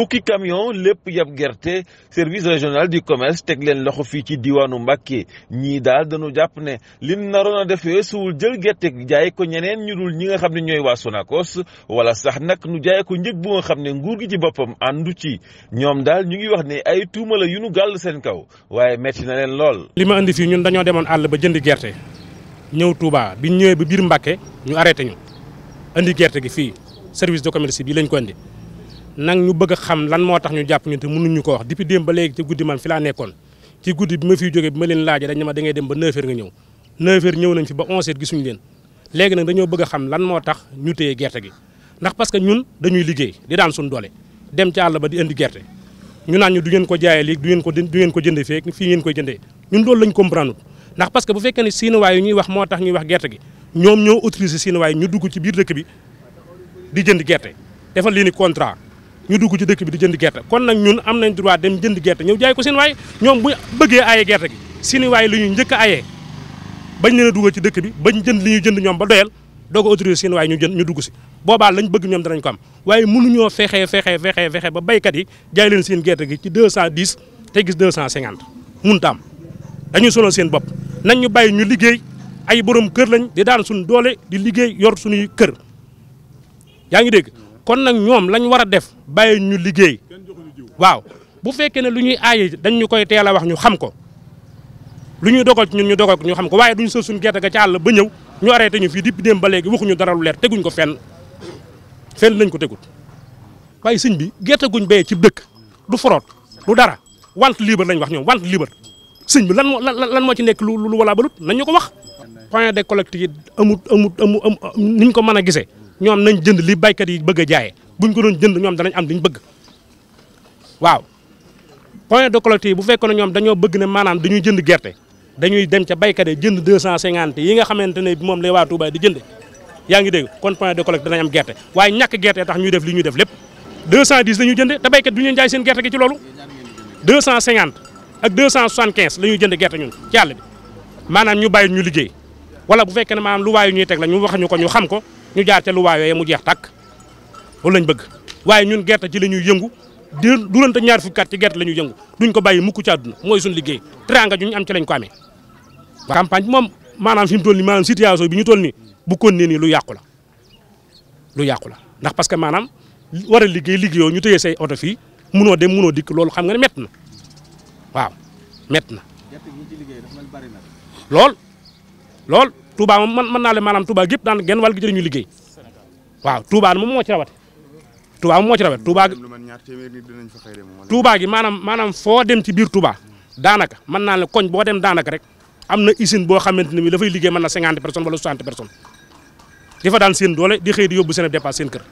fukki camion lépp yab gerte service régional di commerce teg leen loxo fii ci diwaanu Mbàkke ñii daal dañu jàpp ne lim naroon a defee suwul jël gerte jaay ko ñeneen ñu dul ñi nga xam ne ñooy waa Sonacos wala sax nag nu jaay ko njëg bu nga xam ne nguur gi ci boppam àndu ci ñoom daal ñu ngi wax ne ay tuuma yu nu gàll seen kaw waaye metti na leen lool. li ma indi fii ñun dañoo demoon àll ba jënd gerte ñëw Touba biñ ñëwee ba biir Mbàkke ñu arrêté ñu indi gerte gi fii service de commerce bi lañ ko indi. nan ñu bëgg xam lan moo tax ñu jàpp ñu te mënuñu ko wax depuis démb ba léegi ci guddi man fi laa nekkoon ci guddi bi ma fiy jógee bi ma leen laajee dañ ne ma da ngay dem ba 9h nga ñëw 9 ñëw nañ fi ba 11 gisuñu leen léegi nag dañoo bëgg xam lan moo tax ñu téye gerte gi ndax parce que ñun dañuy liggéey di daan suñu doole dem ca àll ba di indi gerte ñu naan ñu du ngeen ko jaayee léegi du ngeen ko du ngeen ko jëndee fee fii ngeen koy jëndee ñun loolu lañ comprendre ndax parce que bu fekkee ne sinuwaay yi ñuy wax tax ñuy wax gerte gi ñoom ñoo autorisé sinuwaay ñu dugg ci biir dëkk bi di jënd gerte defal lii contrat ñu dugg ci dëkk bi di jënd gerte kon nag ñun am nañ droit dem jënd gerte ñëw jaay ko seen waay ñoom bu bëggee aaye gerte gi seen waaye li ñuy njëkk a aayee bañ leen a dugal ci dëkk bi bañ jënd li ñuy jënd ñoom ba doyal doo ko autorisé seen waay ñu jënd ñu dugg si boobaa lañ bëgg ñoom danañ ko am waaye mënuñoo fexee fexee fexee fexee ba baykat yi jaay leen seen gerte gi ci deux cent dix te gis deux cent cinquante mënut a am dañuy seen bopp nañ ñu bay ñu liggéey ay boroom kër lañ di daan suñ doole di liggéey yor suñuy kër ngi dégg kon nag ñoom lañu war a def bàyyi ñu liggéey waaw bu fekkee ne lu ñuy aaye dañ ñu koy teel a wax ñu xam ko lu ñuy dogal ñun ñu dogal ko ñu xam ko waaye duñ sëf suñ gerte ga ci àll ba ñëw ñu arrêté ñu fii depuis ba léegi waxuñu dara lu leer teguñ ko fenn nañ ko tegut waaye sëñ bi gerte guñ béyee ci dëkk du foroot du dara want libre lañ wax ñoom vente libre sëñ bi lan moo lan moo ci nekk lu lu wala balut nañ ñu ko wax point de collecte yi amut amut amu niñ ko mën a gisee ñoom nañ jënd li baykat yi bëgg a jaayee buñ ko doon jënd ñoom danañ am ñu bëgg waaw point de collecte yi bu fekkoon ne ñoom dañoo bëgg ne maanaam dañuy jënd gerte dañuy dem ca baykat yi jënd 250 yi nga xamante ne moom lay waa di jënd yaa ngi dégg kon de collecte danañ am gerte waaye ñàkk gerte tax ñuy def li ñuy def lépp 210 la ñuy jënd te baykat du ñu jaay seen gerte gi ci loolu 250 ak 275 la ñuy jënd gerte ñun ci àll bi maanaam ñu bay ñu liggéey wala bu fekkee ne maanaam lu yu ñuy teg la ñu wax ñu ko ñu xam ko ñu jaar ca luwaa yooyu mu jeex tàkk loolu lañ bëgg waaye ñun gerte ci la ñuy yëngu di te ñaar fukki at ci gerte la ñuy yëngu duñ ko bàyyi mukk ci àdduna mooy suñu liggéey teranga ju ñu am ci lañ ko amee campagne bi moom maanaam fi mu toll nii maanaam situation bi ñu toll nii bu continuer nii lu yàqu la lu yàqu la ndax parce que maanaam war a liggéey liggéeyoo ñu tëye say oto fii munoo dem munoo dikk loolu xam nga ne na waaw na lool Touba man man na le manam maanaam Touba gépp daan genn wàll gi ñu liggey waaw Touba mo mo ci rawat Touba mo ci rawat Touba Touba gi manam manam fo dem ci bir Touba danaka man na le koñ bo dem danaka rek amna usine bo xamanteni la fay liggey man na 50 personnes wala 60 personnes difa dan seen doole di xey di yobbu seen depart seen kër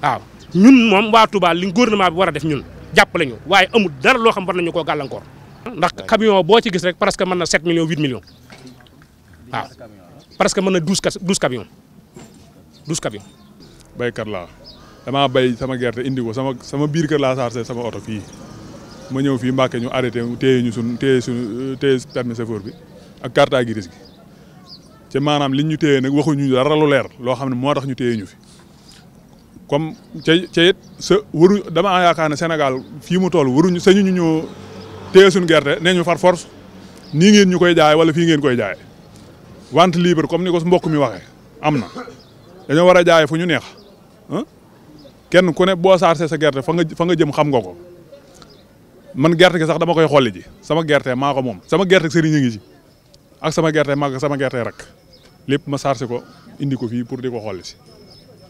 waaw ñun mom wa Touba li gouvernement bi wara def ñun japp lañu waye amu dara lo xam war nañu ko galankor ndax camion bo ci gis rek presque man na 7 millions 8 millions waaw ah. parce que mën na douze douze camions douze camions. béykat laa damaa bay sama gerte indi ko sama sama biir kër laa saarse sama oto fii ma ñëw fii Mbàkke ñu arrêté téye ñu suñ téye suñ téye permis bi ak carte grise gi maanaam liñ ñu téye nag waxuñu dara lu leer loo xam ne moo tax ñu téye ñu fi comme ca ca sa waru damaa yaakaar ne Sénégal fii mu toll waruñu sañu ñu ñoo gerte nee ñu far force nii ngeen ñu koy jaay wala fii ngeen koy jaay vente libre comme ni ko mbokk mi waxee am na dañoo war a jaay fu ñu neex kenn ku ne boo saarse sa gerte fa nga fa nga jëm xam nga ko man gerte gi sax dama koy xolliji sama gerte maa ko moom sama gerte sëriñ a ngi ci ak sama gerte mag sama gerte rak lépp ma saarse ko indi ko fii pour di ko xolli si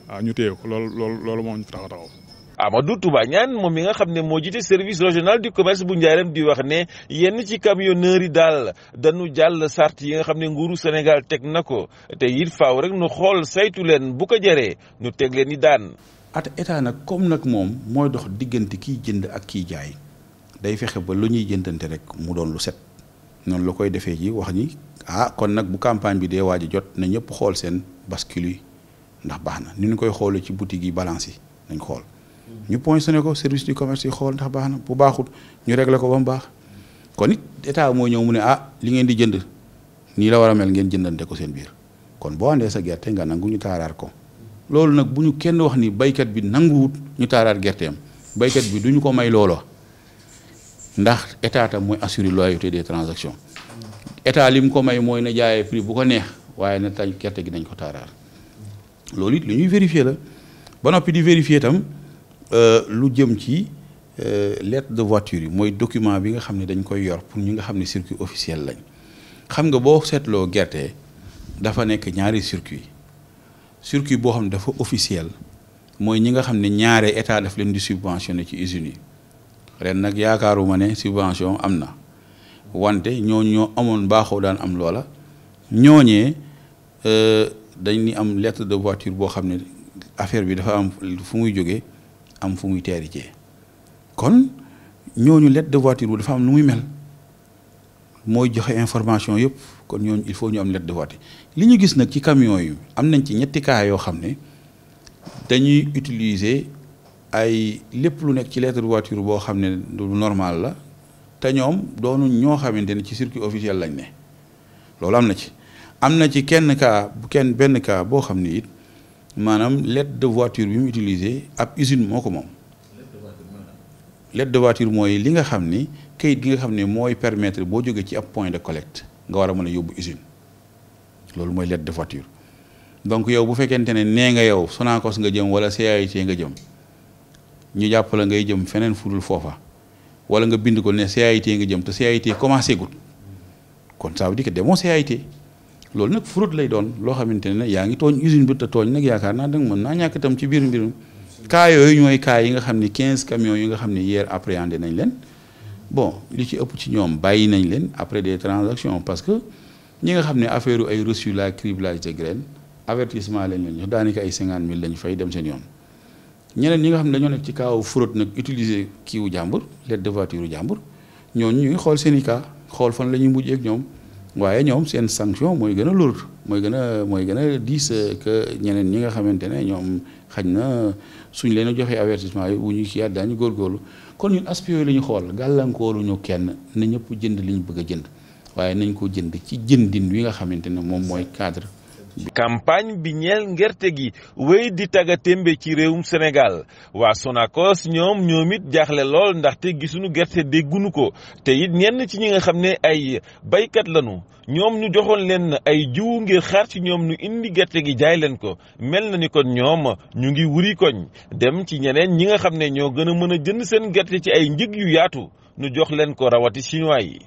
waaw ñu téye ko loolu loolu loolu moo ñu Amadou Touba Niane moom mi nga xam ne moo jiite service régional du commerce bu Njaareem di wax ne yenn ci camionneurs yi daal dañu jàll sart yi nga xam ne nguuru Sénégal teg na ko te it faaw rek nu xool saytu leen bu ko jaree nu teg leen i daan. at état nag comme nag moom mooy dox diggante kiy jënd ak kiy jaay day fexe ba lu ñuy jëndante rek mu doon lu set noonu lu koy defee ji wax ni ah kon nag bu campagne bi dee waaj a jot na ñëpp xool seen bascule yi ndax baax na ni ñu koy xoolee ci boutique yi balance yi xool. ñu poinçonné ko service du commerce yi xool ndax baax na bu baaxut ñu réglé ko ba mu baax kon it état moo ñëw mu ne ah li ngeen di jënd nii la war a mel ngeen jëndante ko seen biir kon boo àndee sa gerte nga nangu ñu taaraar ko loolu nag bu ñu kenn wax ni baykat bi nanguwut ñu taaraar am baykat bi du ñu ko may loolo ndax état tam mooy assuri loyauté des transactions état li mu ko may mooy na jaayee prix bu ko neex waaye na tañ gerte gi nañ ko taaraar Euh, lu jëm ci euh, lettre de voiture yi mooy document bi nga xam ne dañ koy yor pour ñi nga xam ne circuit officiel lañ xam nga boo seetloo gerte dafa nekk ñaari circuit circuit boo xam ne dafa officiel mooy ñi nga xam ne ñaare état def leen di subventionné ci usines yi ren nag yaakaaruma ne subvention am na wante ñoo ñoo amoon baaxoo daan am loola ñooñee euh, dañ ni am lettre de voiture boo xam ne affaire bi dafa am fu muy jógee am fu muy teeri cee kon ñooñu lettre de voiture bu dafa am nu muy mel mooy joxe information yëpp kon ñooñu il faut ñu am lettre de voiture li ñu gis nag ci camion yi am nañ ci ñetti cas yoo xam ne dañuy utiliser ay lépp lu nekk ci lettre de voiture boo xam ne du normal la te ñoom doonu ñoo xamante ne ci circuit officiel lañ ne loolu am na ci am na ci kenn cas bu kenn benn cas boo xam ne it Madame, l'aide de voiture bi mu utilisé ab usine de lettre de voiture moy li nga xamni gi nga permettre point de collecte nga usine de voiture. donc yow bu fekkente ne nga yow Sonacos nga jëm wala CAIT nga jëm ñu la jëm fenen fudul fofa wala nga bind ko ne CAIT nga jëm te CAIT commencé gut ça que loolu nak fraude lay doon lo xamante ne yaangi togn usine bi te togn nak yaakaar naa danga mën naa ñàkk itam ci biir mbirum ka yoy ñoy ka yi nga xamni 15 camions yi nga xamni hier appréhendé nañ len bon li ci ëpp ci ñoom bàyyi nañ len après des transactions parce que ñi nga xamni ne affaire ay reçu la criblage de graines avertissement lañ leen jox daanaka ay 50 000 lañ fay dem seen yoon ñeneen ñi nga xam ne dañoo nekk ci kaaw fraude nag utiliser kiiwu jàmbur lettre de voiture jàmbur ñooñu ñuy xool seen i cas xool fan la ñuy mujjee ak ñoom. waaye ñoom seen sanction mooy gën a lourd mooy gën a mooy gën a diis que ñeneen ñi nga xamante ne ñoom xaj na suñ leen a joxee avertissement yi bu ñu kiiwaat daañu góorgóorlu kon ñun aspect yooyu la ñu xool gàllankooruñu kenn na ñëpp jënd li ñu bëgg a jënd waaye nañ ko jënd ci jëndin wi nga xamante ne moom mooy cadre campagne bi ñeel gerte gi wéy di tagga témbe ci réewum Sénégal waa Sonacos ñoom ñoom it jaaxle lool ndax ndaxte gisuñu gerte déggunu ko te it ñenn ci ñi nga xam ne ay baykat lañu ñoom ñu joxoon leen ay jiw ngir xaar ci ñoom ñu indi gerte gi jaay leen ko mel na ni kon ñoom ñu ngi wuri koñ dem ci ñeneen ñi nga xam ne ñoo gën a mën a jënd seen gerte ci ay njëg yu yaatu ñu jox leen ko rawati chinois yi